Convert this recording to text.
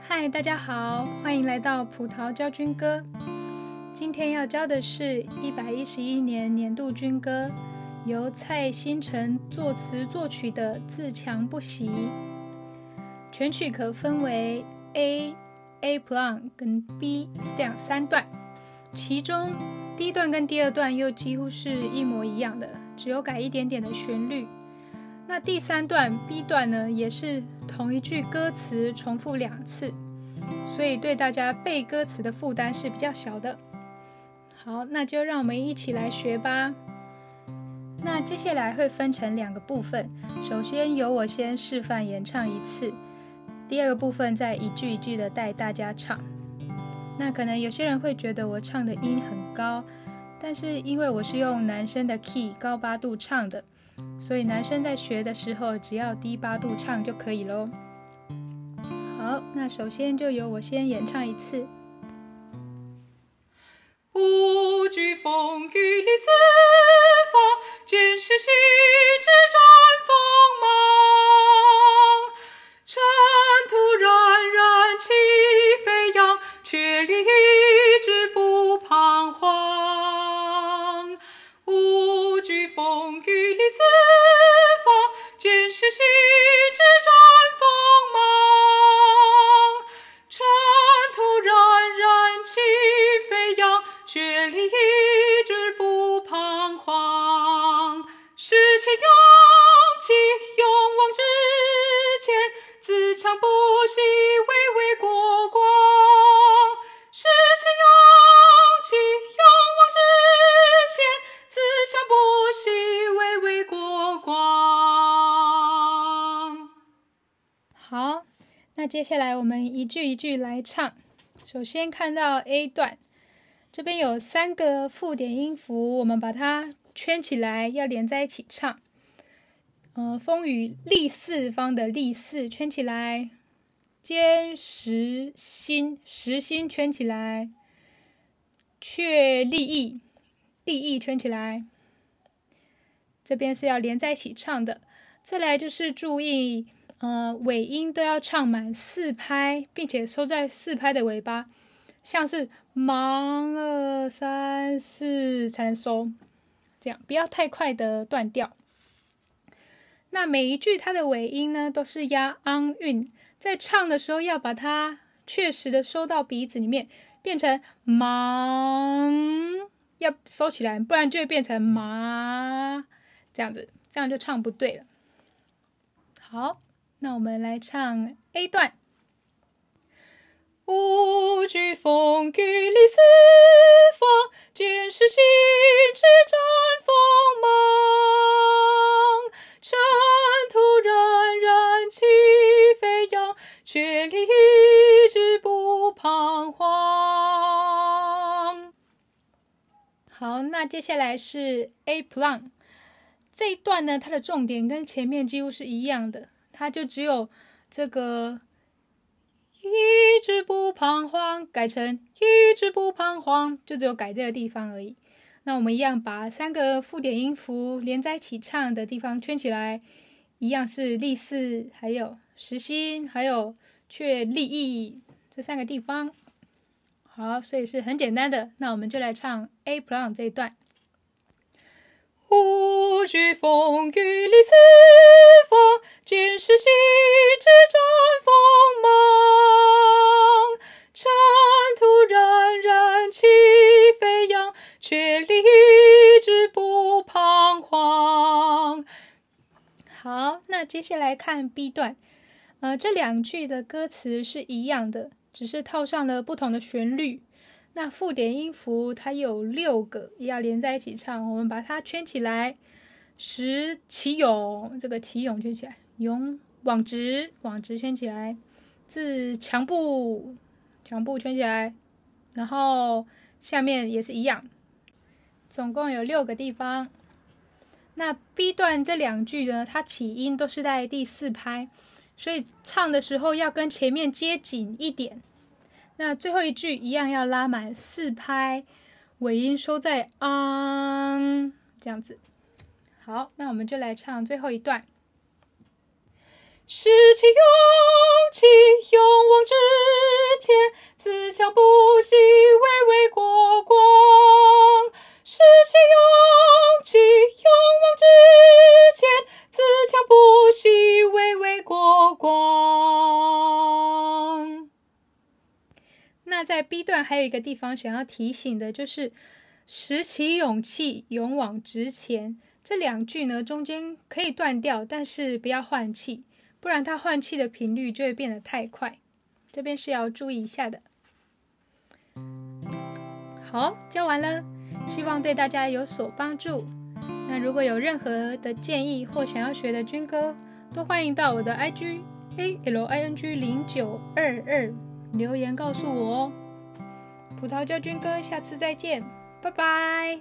嗨，Hi, 大家好，歡迎來到葡萄教軍歌。今天要教的是111年年度軍歌，由蔡欣宸作詞作曲的《自強不息》。全曲可分為 A A plan 跟 B Stand 三段，其中，第一段跟第二段又幾乎是一模一樣的，只有改一點點的旋律。那第三段 B 段呢，也是同一句歌詞重複兩次，所以對大家背歌詞的負擔是比較小的。好，那就讓我們一起來學吧。那接下來會分成兩個部分，首先由我先示範演唱一次，第二個部分再一句一句的帶大家唱。那可能有些人會覺得我唱的音很高，但是因為我是用男生的 key 高八度唱的，所以男生在學的時候只要低八度唱就可以嘍。好，那首先就由我先演唱一次。無懼風雨，立， 四方，堅實心志展鋒芒，塵土冉冉旗飛揚，確立 意樂。好，那接下來我們一句一句來唱。首先看到 A 段，這邊有三個附點音符，我們把它圈起來，要連在一起唱。呃，風雨立四方的立四圈起來，堅實心實心圈起來，確立意立意圈起來，這邊是要連在一起唱的。再來就是注意。呃，尾音都要唱滿四拍，並且收在四拍的尾巴，像是“忙二三四”才能收，這樣不要太快的斷掉。那每一句它的尾音呢，都是押 ang 韻，在唱的時候要把它確實的收到鼻子裡面，變成“忙”，要收起來，不然就會變成“麻”，這樣子，這樣就唱不對了。好。那我們來唱 A 段，無懼風雨立四方，堅實心志展鋒芒。塵土冉冉旗飛揚，確立意志不彷徨。好，那接下來是 A plan、um、這一段呢，它的重點跟前面幾乎是一樣的。它就只有這個一直不彷徨，改成一直不彷徨，就只有改這個地方而已。那我們一樣把三個附點音符連在一起唱的地方圈起來，一樣是立四，還有實心，還有確立意，這三個地方。好，所以是很簡單的。那我們就來唱 A plan 這一段，無懼風雨立四方。堅實心志展鋒芒，塵土冉冉旗飛揚，確立意志不徬徨。好，那接下來看 B 段，呃，這兩句的歌詞是一樣的，只是套上了不同的旋律。那附點音符它有六個，要連在一起唱，我們把它圈起來。拾起勇，這個“起勇”圈起來。勇往直，往直圈起來，自強不強不圈起來，然後下面也是一樣，總共有六個地方。那 B 段這兩句呢，它起音都是在第四拍，所以唱的時候要跟前面接緊一點。那最後一句一樣要拉滿四拍，尾音收在昂、嗯，這樣子。好，那我們就來唱最後一段。拾起勇氣，勇往直前，自強不息，蔚為國光。拾起勇氣，勇往直前，自強不息，蔚為國光。那在 B 段還有一個地方想要提醒的就是“拾起勇氣，勇往直前”這兩句呢，中間可以斷掉，但是不要換氣。不然它換氣的頻率就會變得太快，這邊是要注意一下的。好，教完了，希望對大家有所幫助。那如果有任何的建議或想要學的軍歌，都歡迎到我的 IG A L I N G 零九二二留言告訴我哦。葡萄教軍歌，下次再見，拜拜。